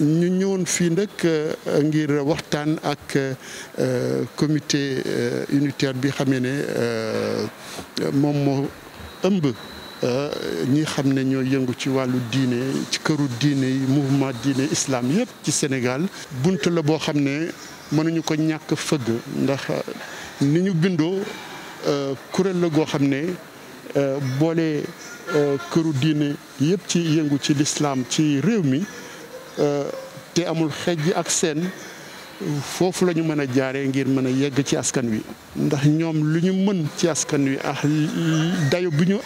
ñu ñëwoon fii nag euh, ngir waxtaan ak euh, comité euh, unitaire bi xamee ne moom moo ëmb ñi xam ne ñoo yëngu ci wàllu diine ci këru diine yi mouvement diine islaam yëpp ci Sénégal bunt la boo xam ne mënuñu ko ñàkk fëgg ndax ni ñu bindoo kuréel la goo xam ne boole këru diine yëpp ci yëngu ci lislaam ci réew mi Euh, te amul xejj ak seen foofu lañu mën a jaaree ngir mën a yegg ci askan wi ndax ñoom lu ñu mën ci askan wi ah dayo bi ñu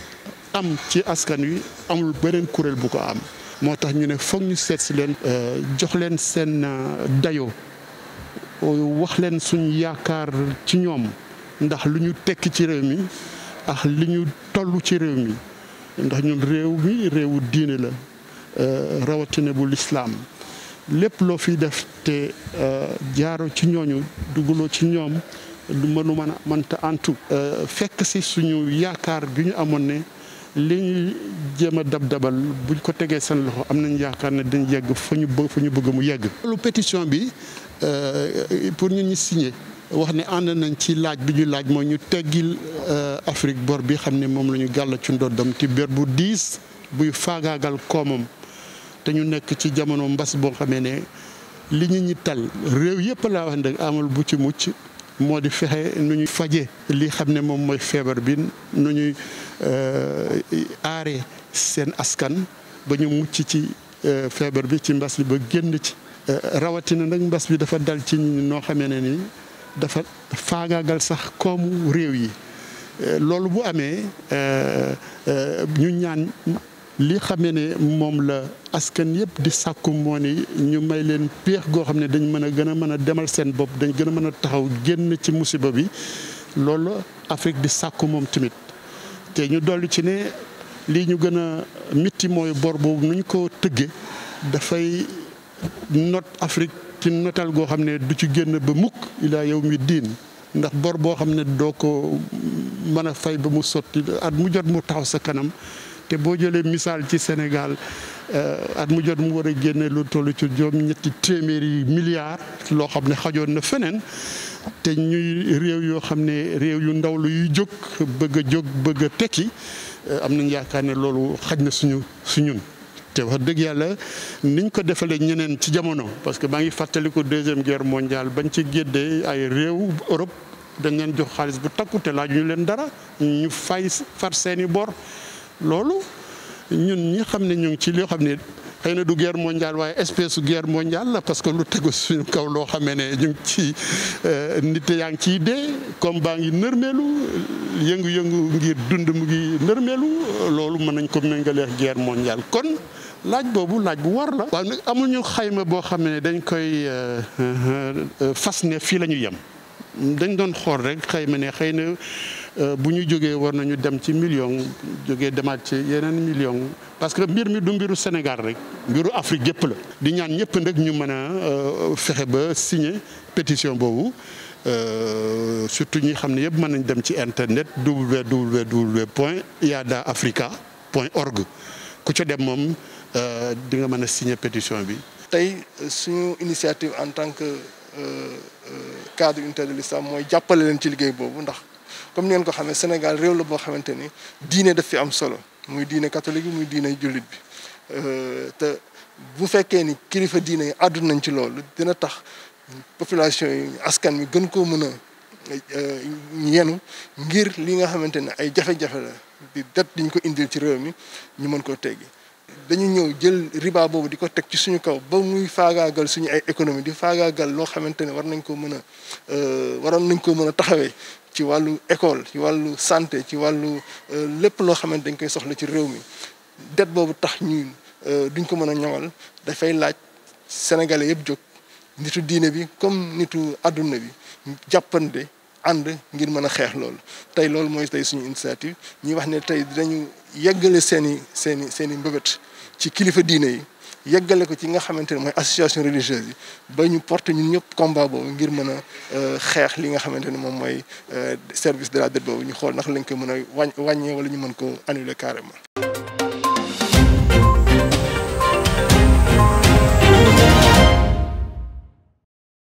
am ci askan wi amul beneen kuréel bu ko am moo tax ñu ne foog ñu seet si leen euh, jox leen seen euh, dayo wax leen suñ yaakaar ci ñoom ndax lu ñu tekk ci réew mi ah li ñu toll ci réew mi ndax ñun réew mi réewu diine la Euh, rawatina bu lislaam lépp loo fi def te euh, jaaro ci ñooñu dugaloo ci ñoom du mënu mën a mënta antu euh, fekk si suñu yaakaar bi ñu amoon ne li ñuy jéem a dab-dabal buñ ko tegee seen loxo am nañ yaakaar ne dañ yegg fa ñu bëgg mu yegg loolu pétition bi pour ñu ñu signé wax ne ànd nañ ci laaj bi ñu laaj mooy ñu teggil Afrique bor bi xam ne moom la ñu gàll ci ndoddam ci bér bu diis buy faagaagal koomam te ñu nekk ci jamono mbas boo xamee ne li ñu ñi tal réew yëpp laa wax nag amul bu ci mucc moo di fexe nu ñuy faje li xam ne moom mooy feebar bi nu ñuy euh, aare seen askan ba ñu mucc ci euh, feebar bi ci mbas bi ba génn ci euh, rawatina nag mbas bi dafa dal ci ñi noo xamee ne ni dafa faagaagal sax koomu réew yi loolu bu amee ñu ñaan li xamee ne moom la askan yëpp di sàkku moo ni ñu may leen peex goo xam ne dañ mën a gën a mën a demal seen bopp dañ gën a mën a taxaw génn ci musiba bi loolu Afrique di sàkku moom tamit te ñu dolli ci ne lii ñu gën a mitti mooy bor boobu nuñ ko tëgge dafay not Afrique ci notal goo xam ne du ci génn ba mukk ilaa yow mi diin ndax bor boo xam ne doo ko mën a fay ba mu sotti at mu jot mu taxaw sa kanam te boo jëlee misaal ci Sénégal euh, at mu jot mu war a génne lu toll ci juróom ñetti téeméeri milliards loo xam ne xajoon na feneen te ñuy réew yoo xam ne réew yu ndaw lu yuy jóg bëgg jóg bëgg tekki euh, am nañ yaakaar ne loolu xaj na suñu su ñun te wax dëgg yàlla niñ ko defalee ñeneen ci jamono parce que maa ngi fàttaliku deuxième guerre mondiale bañ ci géddee ay réew Europe dañ leen jox xaalis bu takku te laaju ñu leen dara ñu fay far seeni bor loolu ñun ñi xam ne ñu ngi ci loo xam ne xëy na du guerre mondiale waaye espèce su guerre mondiale parce que lu tegu suñu kaw loo xam ne ñu ngi ci euh, nit yaa ngi ciy dee comme baa ngi nërmeelu yëngu-yëngu ngir dund mu ngi nërmeelu loolu mën nañ ko méngaleex guerre mondiale kon laaj boobu laaj bu war la. waaw nag amul xayma boo xam ne dañ koy euh, euh, fas ne fii la ñu yem dañ doon xool rek xayma ne xëy na. Euh, bu ñu war nañu dem ci million jógee demaat ci yeneen million parce que mbir mi du mbiru Sénégal rek mbiru Afrique yëpp la di ñaan ñëpp nag ñu mën a euh, ba signer pétition boobu euh, surtout ñi xam ne yëpp mën nañ dem ci internet www point iada africa point org ku ca dem moom di nga mën signer pétition bi tey suñu initiative en tant que cadre unitaire de l'islam mooy jàppale leen ci liggéey boobu ndax comme neen ko xamee Sénégal réew la boo xamante ni diine daf fi am solo muy diine catholique bi muy diine jullit bi euh, te bu fekkee ni kilifa diine yi àddu nañ ci loolu dina tax population yi askan wi gën koo mën a euh, yenu ngir li nga xamante ni ay jafe-jafe la di det diñ ko indil ci réew mi ñu mën koo teggi dañu ñëw jël riba boobu di ko teg ci suñu kaw ba muy faagaagal suñu ay économie di faagaagal loo xamante ne war nañ ko mën a euh, waroon nañ ko mën a taxawee ci wàllu école ci wàllu santé ci wàllu euh, lépp loo xamante dañ koy soxla ci réew mi det boobu tax ñu euh, duñ ko mën a ñoŋal dafay laaj sénégalais yëpp jóg nitu diine bi comme nitu àdduna bi jàppande ànd ngir mën a xeex lool tey loolu mooy tey suñu initiative ñuy wax ne tey dinañu yëggale seen i seen seen i mbëbët ci kilifa diine yi yëggale ko ci nga xamante ne mooy association religieuse yi ba ñu porte ñun ñëpp combat boobu ngir mën a euh, xeex li nga xamante ne moom mooy euh, service de la dette boobu ñu xool ndax lañ ko mën a wàññee wala ñu mën ko annuler carrément